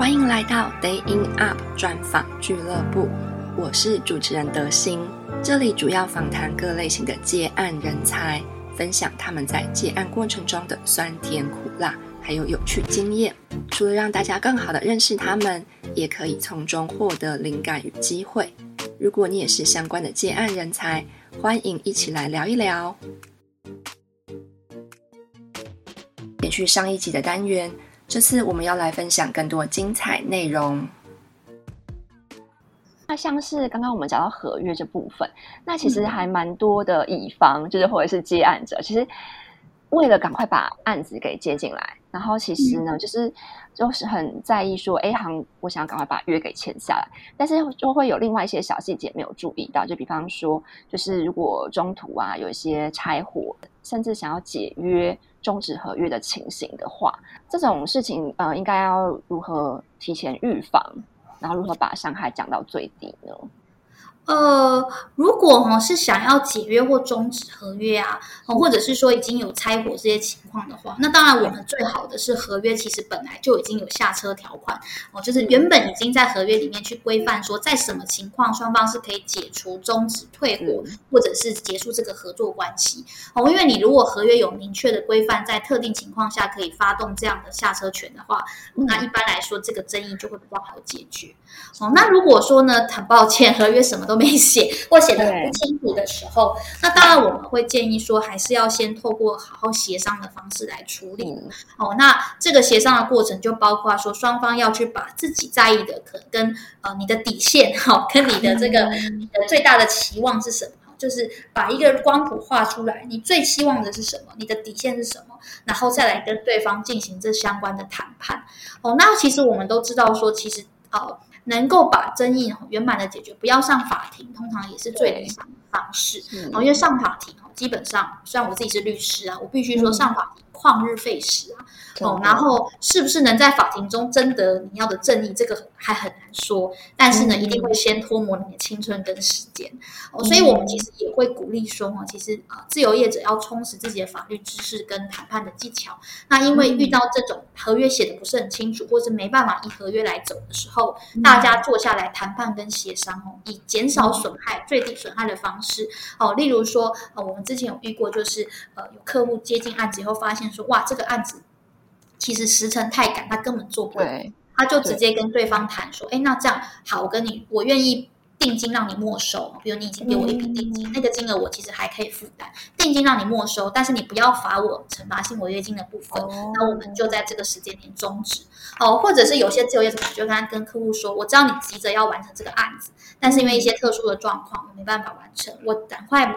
歡迎來到 Day in Up 專訪俱樂部，我是主持人德心。這裡主要訪談各類型的接案人才，分享他們在接案過程中的酸甜苦辣，還有有趣經驗。除了讓大家更好的認識他們，也可以從中獲得靈感與機會。如果你也是相關的接案人才，歡迎一起來聊一聊。延續上一集的單元。這次我們要來分享更多精彩內容。那像是剛剛我們講到合約這部分，那其實還蠻多的乙方，嗯、就是或者是接案者，其實為了趕快把案子給接進來，然後其實呢，嗯、就是就是很在意說哎，行，我想要趕快把約給簽下來，但是就會有另外一些小細節沒有注意到，就比方說，就是如果中途啊有一些拆夥，甚至想要解約，終止合約的情形的話，這種事情呃，應該要如何提前預防，然後如何把傷害降到最低呢？呃，如果哈是想要解約或終止合約啊，哦，或者是說已經有拆夥這些情況的話，那當然我們最好的是合約其實本來就已經有下車條款哦，就是原本已經在合約裡面去規範說，在什麼情況雙方是可以解除、終止、退夥或者是結束這個合作關係哦，因為你如果合約有明確的規範，在特定情況下可以發動這樣的下車權的話，那一般來說這個爭議就會比較好解決哦。那如果說呢，很抱歉，合約什麼都。沒寫或寫的很不清楚的時候，那當然我們會建議說，還是要先透過好好協商的方式來處理。嗯、哦，那這個協商的過程就包括說，雙方要去把自己在意的，可能跟呃你的底線，哈、哦，跟你的這個、嗯、你的最大的期望是什麼，就是把一個光譜畫出來，你最期望的是什麼、嗯，你的底線是什麼，然後再來跟對方進行這相關的談判。哦，那其實我們都知道說，其實呃。哦能夠把爭議哦、圓滿的解決，不要上法庭，通常也是最理想的方式。哦、因為上法庭，哦。基本上，雖然我自己是律師啊，我必須說上法庭曠日費時啊、嗯，哦，然後是不是能在法庭中爭得你要的正義，這個還很難說。但是呢，嗯、一定會先拖磨你的青春跟時間。哦，所以我們其實也會鼓勵說，哦，其實啊、呃，自由業者要充實自己的法律知識跟談判的技巧、嗯。那因為遇到這種合約寫得不是很清楚，嗯、或者沒辦法以合約來走的時候，嗯、大家坐下來談判跟協商哦，以減少損害、嗯、最低損害的方式。哦、呃，例如說啊、呃，我們。之前有遇過，就是呃，有客戶接近案子以後，發現說：“哇，這個案子其實時程太趕，他根本做不了。對對”他就直接跟對方談說：“哎，那這樣好，我跟你，我願意定金讓你沒收。比如你已經給我一筆定金，嗯、那個金額我其實還可以負擔。定金讓你沒收，但是你不要罰我懲罰性違約金的部分，哦。那我們就在這個時間點終止。哦，或者是有些自由業者，你就跟他跟客戶說：我知道你急着要完成這個案子，但是因為一些特殊的狀況，嗯、我沒辦法完成，我趕快。”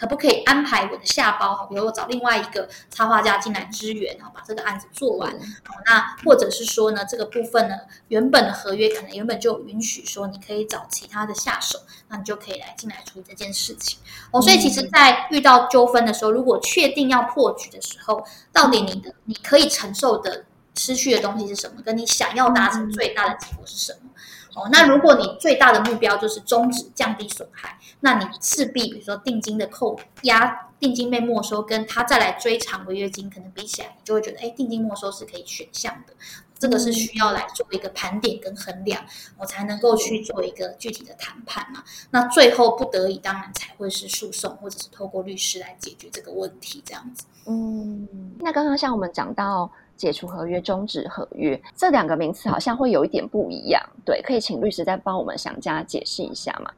可不可以安排我的下包？比如我找另外一個插畫家進來支援，然後把這個案子做完。那或者是說呢，這個部分呢，原本的合約可能原本就允許說你可以找其他的下手，那你就可以來進來處理這件事情。哦，所以其實，在遇到糾紛的時候，如果確定要破局的時候，到底你的你可以承受的失去的東西是什麼，跟你想要達成最大的結果是什麼？哦，那如果你最大的目標就是終止、降低損害，那你勢必比如說定金的扣押、定金被沒收，跟他再來追償違約金，可能比起來，你就會覺得，哎、欸，定金沒收是可以選項的。這個是需要來做一個盤點跟衡量，我、嗯哦、才能夠去做一個具體的談判嘛。那最後不得已，當然才會是訴訟，或者是透過律師來解決這個問題，這樣子。嗯，那剛剛像我們講到，解除合約、終止合約這兩個名詞好像會有一點不一樣，對，可以請律師再幫我們詳加解釋一下嗎？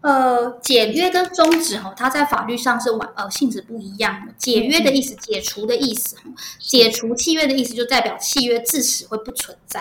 呃，解約跟終止吼，它在法律上是完呃性質不一樣。解約的意思，嗯、解除的意思、嗯，解除契約的意思，就代表契約自始會不存在、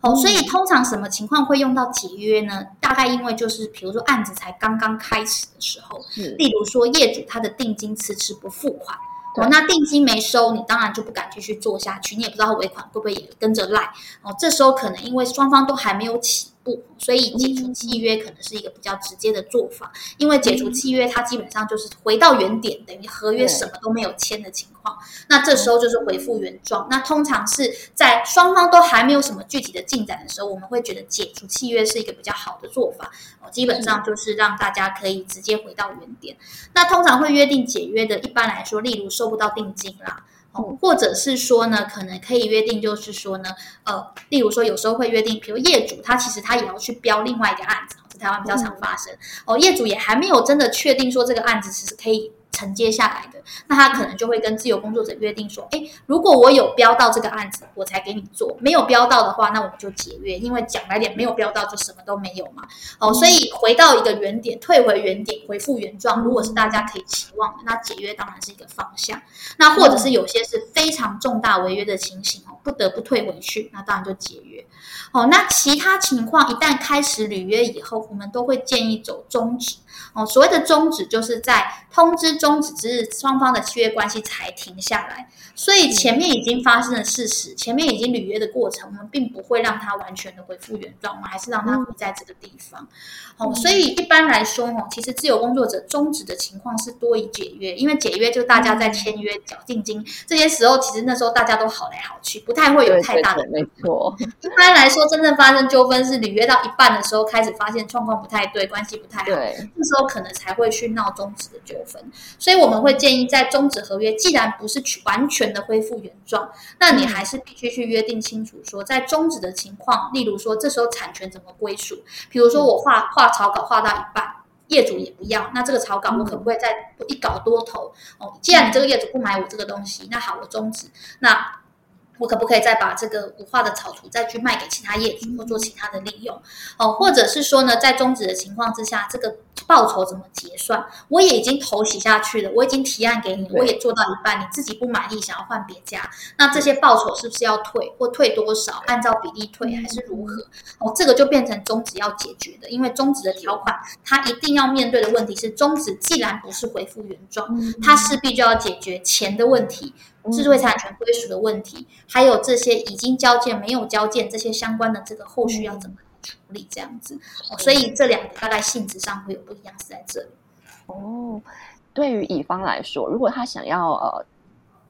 嗯。哦，所以通常什麼情況會用到解約呢？大概因為就是，比如說案子才剛剛開始的時候，是、嗯，例如說業主他的定金遲遲不付款。哦，那定金沒收，你當然就不敢繼續做下去。你也不知道尾款會不會也跟着賴。哦，這時候可能因為雙方都還沒有起。不，所以解除契約可能是一個比較直接的做法，因為解除契約它基本上就是回到原點，等於合約什麼都沒有簽的情況。那這時候就是恢復原狀。那通常是在雙方都還沒有什麼具體的進展的時候，我們會覺得解除契約是一個比較好的做法。基本上就是讓大家可以直接回到原點。那通常會約定解約的，一般來說，例如收不到定金啦。哦，或者是說呢，可能可以約定，就是說呢，呃，例如說有時候會約定，比如業主他其實他也要去標另外一個案子，在台灣比較常發生。嗯。哦，業主也還沒有真的確定說這個案子是可以。承接下來的，那他可能就會跟自由工作者約定說，哎，如果我有標到這個案子，我才給你做；沒有標到的話，那我們就解約。因為講白點，沒有標到就什麼都沒有嘛。哦，所以回到一個原點，退回原點，回復原狀，如果是大家可以期望的，嗯、那解約當然是一個方向。那或者是有些是非常重大違約的情形哦，不得不退回去，那當然就解約。哦，那其他情況，一旦開始履約以後，我們都會建議走終止。哦，所謂的終止，就是在通知終止之日，雙方的契約關係才停下來。所以前面已經發生的事實，前面已經履約的過程，我們並不會讓它完全的恢復原狀，我們還是讓它留在這個地方。哦，所以一般來說，哦，其實自由工作者終止的情況是多於解約，因為解約就大家在簽約、繳定金這些時候，其實那時候大家都好來好去，不太會有太大的問題。一般來說，真正發生糾紛是履約到一半的時候，開始發現狀況不太對，關係不太好。嗯之後可能才會去鬧終止的糾紛，所以我們會建議在終止合約，既然不是完全的恢復原狀，那你還是必須去約定清楚，說在終止的情況，例如說這時候產權怎麼歸屬，比如說我畫畫草稿畫到一半，業主也不要，那這個草稿我可不可以再一稿多投？哦，既然你這個業主不買我這個東西，那好，我終止，那我可不可以再把這個我畫的草圖再去賣給其他業主或做其他的利用？哦，或者是說呢，在終止的情況之下，這個。報酬怎麼結算？我也已經投洗下去了，我已經提案給你，我也做到一半，你自己不滿意想要換別家，那這些報酬是不是要退？或退多少？按照比例退還是如何？哦，這個就變成終止要解決的，因為終止的條款，它一定要面對的問題是終止既然不是回復原狀，它勢必就要解決錢的問題、智慧財產權歸屬的問題，還有這些已經交件沒有交件這些相關的這個後續要怎麼？處理這樣子，所以這兩個大概性質上會有不一樣，是在這裡。哦，對於乙方來說，如果他想要呃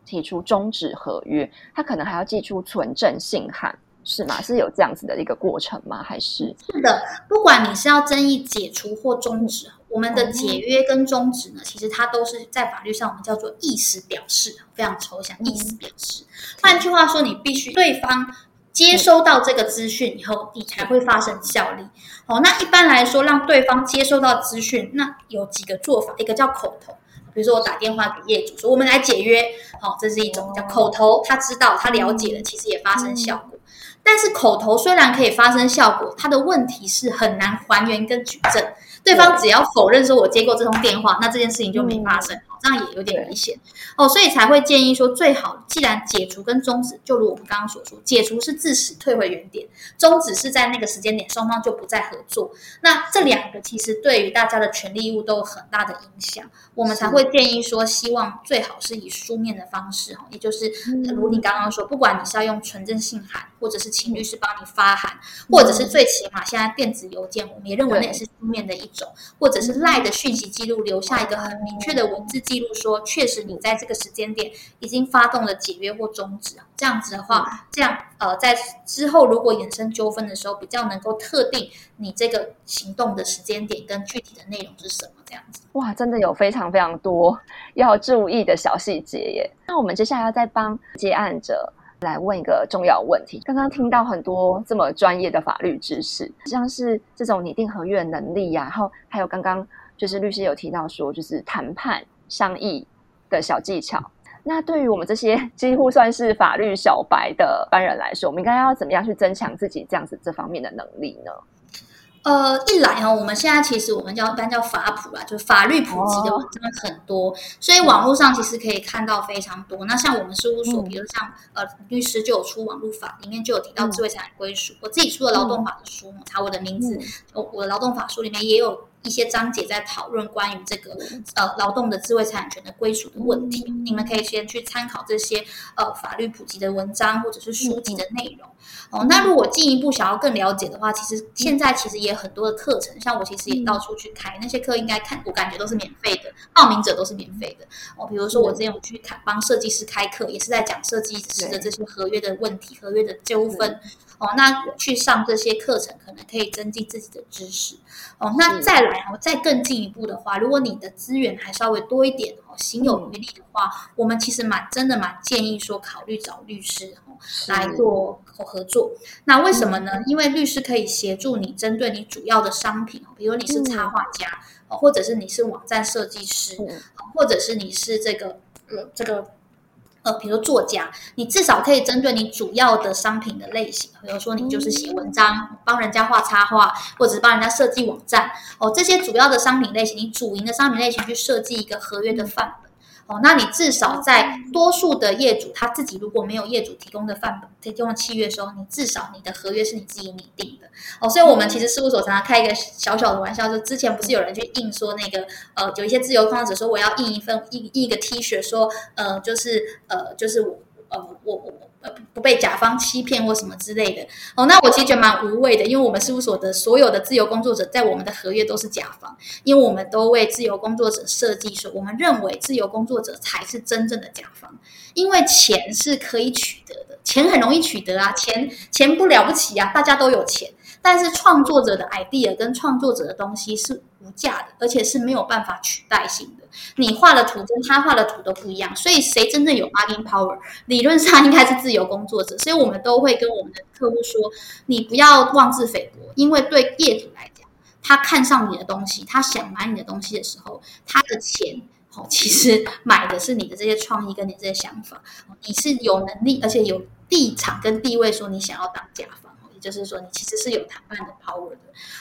提出終止合約，他可能還要寄出存證信函，是嗎？是有這樣子的一個過程嗎？還是？是的，不管你是要爭議解除或終止，我們的解約跟終止呢、嗯，其實它都是在法律上我們叫做意思表示，非常抽象。意思表示，換句話說，你必須對方。接收到這個資訊以後，你才會發生效力。好，那一般來說，讓對方接收到資訊，那有幾個做法，一個叫口頭，比如說我打電話給業主說我們來解約，好，這是一種叫口頭，他知道，他了解了，其實也發生效果。但是口頭雖然可以發生效果，它的問題是很難還原跟舉證，對方只要否認說我接過這通電話，那這件事情就沒發生。這樣也有點危險哦，所以才會建議說，最好既然解除跟終止，就如我們剛剛所說，解除是自始退回原點，終止是在那個時間點雙方就不再合作。那這兩個其實對於大家的權利義務都有很大的影響，我們才會建議說，希望最好是以書面的方式哈，也就是如你剛剛說，不管你是要用存證信函，或者是請律師幫你發函，或者是最起碼現在電子郵件，我們也認為那也是書面的一種，或者是 LINE 的訊息記錄，留下一個很明確的文字。記錄說，確實你在這個時間點已經發動了解約或終止這樣子的話，這樣呃，在之後如果衍生糾紛的時候，比較能夠特定你這個行動的時間點跟具體的內容是什麼這樣子。哇，真的有非常非常多要注意的小細節耶。那我們接下來要再幫接案者來問一個重要問題。剛剛聽到很多這麼專業的法律知識，像是這種擬定合約的能力呀，啊，然後還有剛剛就是律師有提到說，就是談判。商議的小技巧，那對於我們這些幾乎算是法律小白的班人來說，我們應該要怎麼樣去增強自己這樣子這方面的能力呢？呃，一來、哦、我們現在其實我們叫一般叫法普啦，就是法律普及的真的很多、哦，所以網絡上其實可以看到非常多。那像我們事務所，嗯、比如像呃律師就有出網絡法，裡面就有提到智慧財產歸屬。我自己出了勞動法的書嘛，嗯、我查我的名字，我、嗯、我的勞動法書裡面也有。一些章節在討論關於這個呃勞動的智慧產權的歸屬的問題、嗯，你們可以先去參考這些呃法律普及的文章或者是書籍的內容、嗯、哦。那如果進一步想要更了解的話，其實、嗯、現在其實也很多的課程，像我其實也到處去開、嗯、那些課，應該看我感覺都是免費的，報名者都是免費的哦。比如說我之前有去看，幫設計師開課，嗯、也是在講設計師的這些合約的問題、合約的糾紛、嗯、哦。那去上這些課程可能可以增進自己的知識哦。那再來。然後再更進一步的話，如果你的資源還稍微多一點哦，行有餘力的話，我們其實蠻真的蠻建議說考慮找律師哦來做合作。那為什麼呢、嗯？因為律師可以協助你針對你主要的商品，比如你是插畫家，嗯、或者是你是網站設計師，嗯、或者是你是這個呃、嗯、這個。呃，比如作家，你至少可以針對你主要的商品的類型，比如說你就是寫文章，幫人家畫插畫，或者是幫人家設計網站，哦，這些主要的商品類型，你主營的商品類型去設計一個合約的範本。哦，那你至少在多數的業主他自己如果沒有業主提供的範本提供契約的時候，你至少你的合約是你自己擬定的。哦，所以我們其實事務所常常開一個小小的玩笑，就之前不是有人去印說那個呃，有一些自由創作者說我要印一份印印一個 T 恤說，說呃，就是呃，就是我呃，我我。呃，不被甲方欺騙或什麼之類的。哦，那我其實覺得蠻無謂的，因為我們事務所的所有的自由工作者在我們的合約都是甲方，因為我們都為自由工作者設計，所以我們認為自由工作者才是真正的甲方。因為錢是可以取得的，錢很容易取得啊，錢錢不了不起啊，大家都有錢。但是創作者的 idea 跟創作者的東西是無價的，而且是沒有辦法取代性的。你畫的圖跟他畫的圖都不一樣，所以誰真正有 marking power，理論上應該是自由工作者。所以我們都會跟我們的客戶說，你不要妄自菲薄，因為對業主來講，他看上你的東西，他想買你的東西的時候，他的錢哦，其實買的是你的這些創意跟你這些想法，你是有能力而且有立場跟地位說你想要當甲方。就是說，你其實是有談判的 power 的，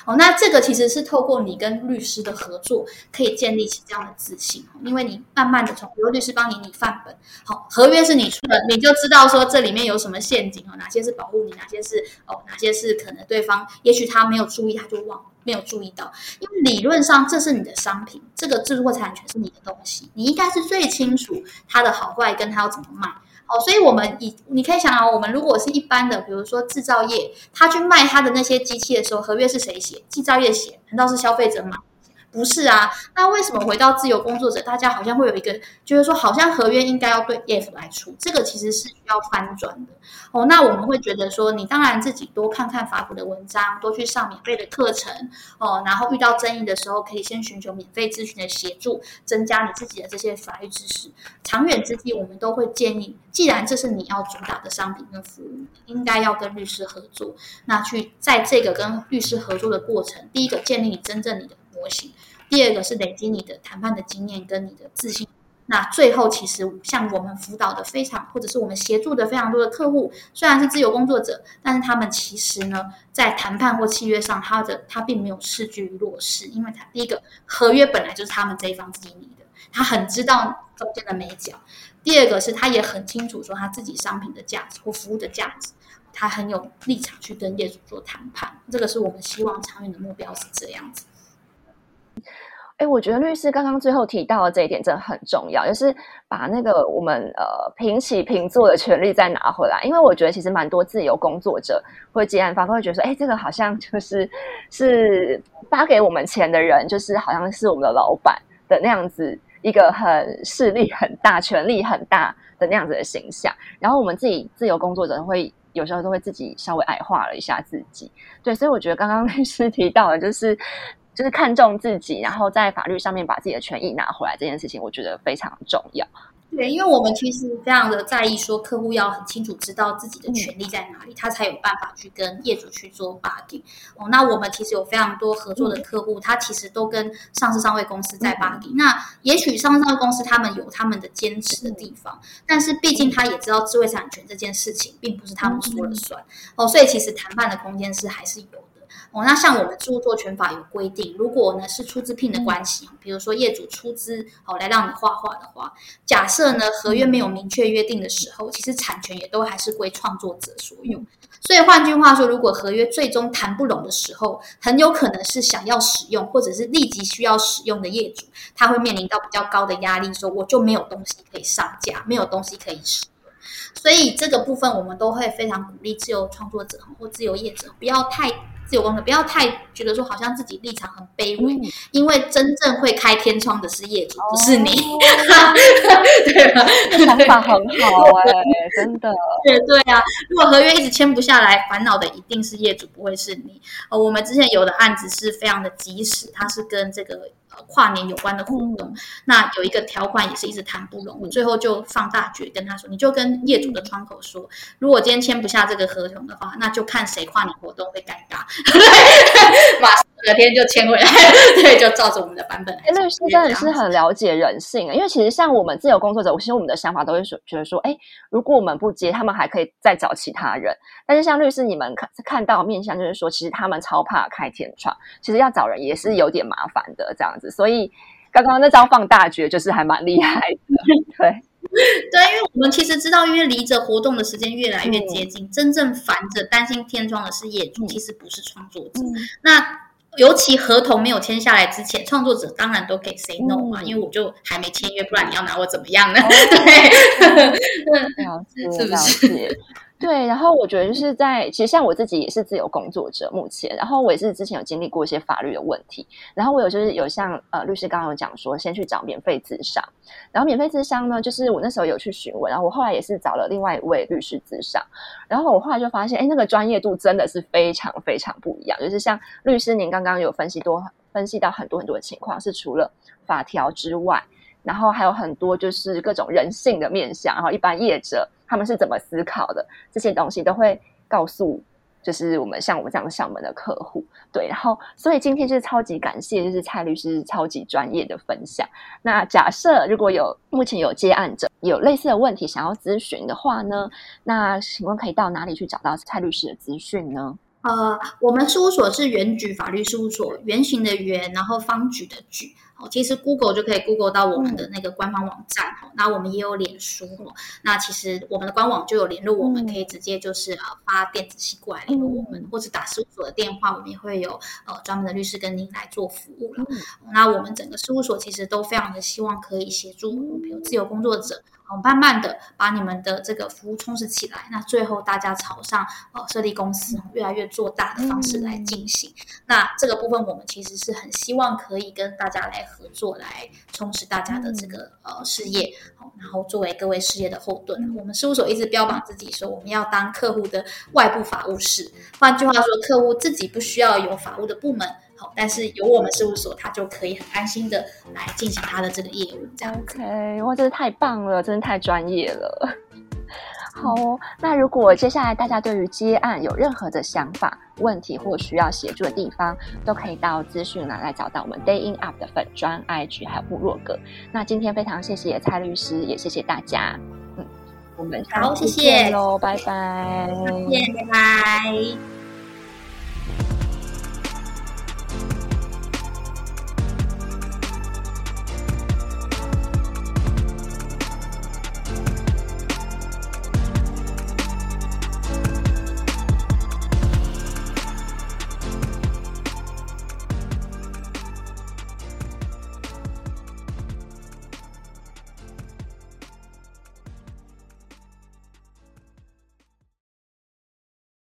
哦，那這個其實是透過你跟律師的合作，可以建立起這樣的自信哦，因為你慢慢的從由律師幫你擬範本，好，合約是你出的，你就知道說這裡面有什麼陷阱哦，哪些是保護你，哪些是哦，哪些是可能對方也許他沒有注意，他就忘了沒有注意到，因為理論上這是你的商品，這個智慧財產權是你的東西，你應該是最清楚它的好壞，跟它要怎麼賣。哦，所以我們以，你可以想啊，我們如果是一般的，比如說製造業，他去賣他的那些機器的時候，合約是誰寫？製造業寫？難道是消費者嗎？不是啊，那為什麼回到自由工作者，大家好像會有一個，就是說好像合約應該要對方來出，這個其實是需要翻轉的哦。那我們會覺得說，你當然自己多看看法普的文章，多去上免費的課程哦，然後遇到爭議的時候，可以先尋求免費諮詢的協助，增加你自己的這些法律知識。長遠之計，我們都會建議，既然這是你要主打的商品跟服務，應該要跟律師合作。那去在這個跟律師合作的過程，第一個建立你真正你的。模型。第二個是累積你的談判的經驗跟你的自信。那最後，其實像我們輔導的非常，或者是我們協助的非常多的客戶，雖然是自由工作者，但是他們其實呢，在談判或契約上，他的他並沒有處於弱勢，因為他第一個，合約本來就是他們這一方自己擬的，他很知道中間的眉角。第二個是他也很清楚說他自己商品的價值或服務的價值，他很有立場去跟業主做談判。這個是我們希望長遠的目標是這樣子。哎，我覺得律師剛剛最後提到的這一點，真的很重要，就是把那個我們呃平起平坐的權利再拿回來。因為我覺得其實蠻多自由工作者會接案方都會覺得說，哎，這個好像就是是發給我們錢的人，就是好像是我們的老板的那樣子一個很勢力很大、權力很大的那樣子的形象。然後我們自己自由工作者會有時候都會自己稍微矮化了一下自己。對，所以我覺得剛剛律師提到的，就是。就是看重自己，然後在法律上面把自己的權益拿回來這件事情，我覺得非常重要。對，因為我們其實非常的在意，說客戶要很清楚知道自己的權利在哪裡，嗯、他才有辦法去跟業主去做 bargaining。哦，那我們其實有非常多合作的客戶，嗯、他其實都跟上市上櫃公司在 bargaining，嗯。那也許上市上櫃公司他們有他們的堅持的地方，嗯、但是畢竟他也知道智慧產權這件事情並不是他們說了算，嗯。哦，所以其實談判的空間是還是有。哦，那像我們著作權法有規定，如果呢是出資聘的關係，比如說業主出資好、哦、來讓你畫畫的話，假設呢合約沒有明確約定的時候，其實產權也都還是歸創作者所有。所以換句話說，如果合約最終談不攏的時候，很有可能是想要使用或者是立即需要使用的業主，他會面臨到比較高的壓力，說我就沒有東西可以上架，沒有東西可以使用。所以這個部分我們都會非常鼓勵自由創作者或自由業者不要太。自由工作，不要太覺得說好像自己立場很卑微，嗯、因為真正會開天窗的是業主，哦、不是你。 對、啊，想法很好啊、欸。 真的。對對啊，如果合約一直簽不下來，煩惱的一定是業主，不會是你。哦、我們之前有的案子是非常的及時，它是跟這個。跨年有關的合同，那有一個條款也是一直談不攏，嗯、你最後就放大絕跟他說，你就跟業主的窗口說，如果今天簽不下這個合同的話，那就看誰跨年活動會尷尬，對。 馬上隔天就簽回來， 對，就照着我們的版本。哎，律師真的是很了解人性啊，因為其實像我們自由工作者，我其實我們的想法都會說，覺得說，哎，如果我們不接，他們還可以再找其他人。但是像律師，你們看看到面向就是說，其實他們超怕開天窗，其實要找人也是有點麻煩的，這樣。所以，剛剛那招放大絕就是還蠻厲害的，對 對，因為我們其實知道，因為離這活動的時間越來越接近，嗯、真正煩着、擔心天窗的是業主、嗯，其實不是創作者、嗯。那尤其合同沒有簽下來之前，創作者當然都可以 say no 啊。因為我就還沒簽約，不然你要拿我怎麼樣呢？哦、 對，是不是？對，然後我覺得就是在，其實像我自己也是自由工作者，目前，然後我也是之前有經歷過一些法律的問題，然後我有就是有像呃律師剛剛有講說，先去找免費諮商。然後免費諮商呢，就是我那時候有去詢問，然後我後來也是找了另外一位律師諮商。然後我後來就發現，哎，那個專業度真的是非常非常不一樣，就是像律師您剛剛有分析多分析到很多很多情況，是除了法條之外。然後還有很多就是各種人性的面向，然後一般業者他們是怎麼思考的，這些東西都會告訴，就是我們像我們這樣的上門的客戶，對。然後所以今天就是超級感謝，就是蔡律師超級專業的分享。那假設如果有目前有接案者有類似的問題想要諮詢的話呢，那請問可以到哪裡去找到蔡律師的資訊呢？呃，我們事務所是圓矩法律事務所，圓形的圓，然後方矩的矩。哦，其實 Google 就可以 Google 到我們的那個官方網站。哦、嗯，那我們也有臉書。哦、嗯，那其實我們的官網就有聯絡，嗯、我們可以直接就是呃、啊、發電子郵件過來聯絡我們、嗯，或者打事務所的電話，我們也會有呃、啊、專門的律師跟您來做服務了、嗯。那我們整個事務所其實都非常的希望可以協助，比如自由工作者。我們慢慢的把你們的這個服務充實起來，那最後大家朝上呃設立公司，越來越做大的方式來進行。那這個部分我們其實是很希望可以跟大家來合作，來充實大家的這個呃事業，然後作為各位事業的後盾。我們事務所一直標榜自己說，我們要當客戶的外部法務室。換句話說，客戶自己不需要有法務的部門。但是有我們事務所，他就可以很安心的來進行他的這個業務。OK，哇，真是太棒了，真的太專業了。好哦，那如果接下來大家對於接案有任何的想法、問題或需要協助的地方，嗯，都可以到資訊欄來找到我們 DayinUP 的粉專、IG，還有部落格。那今天非常謝謝蔡律師，也謝謝大家。嗯，我們好，謝謝，拜拜，再見，拜拜。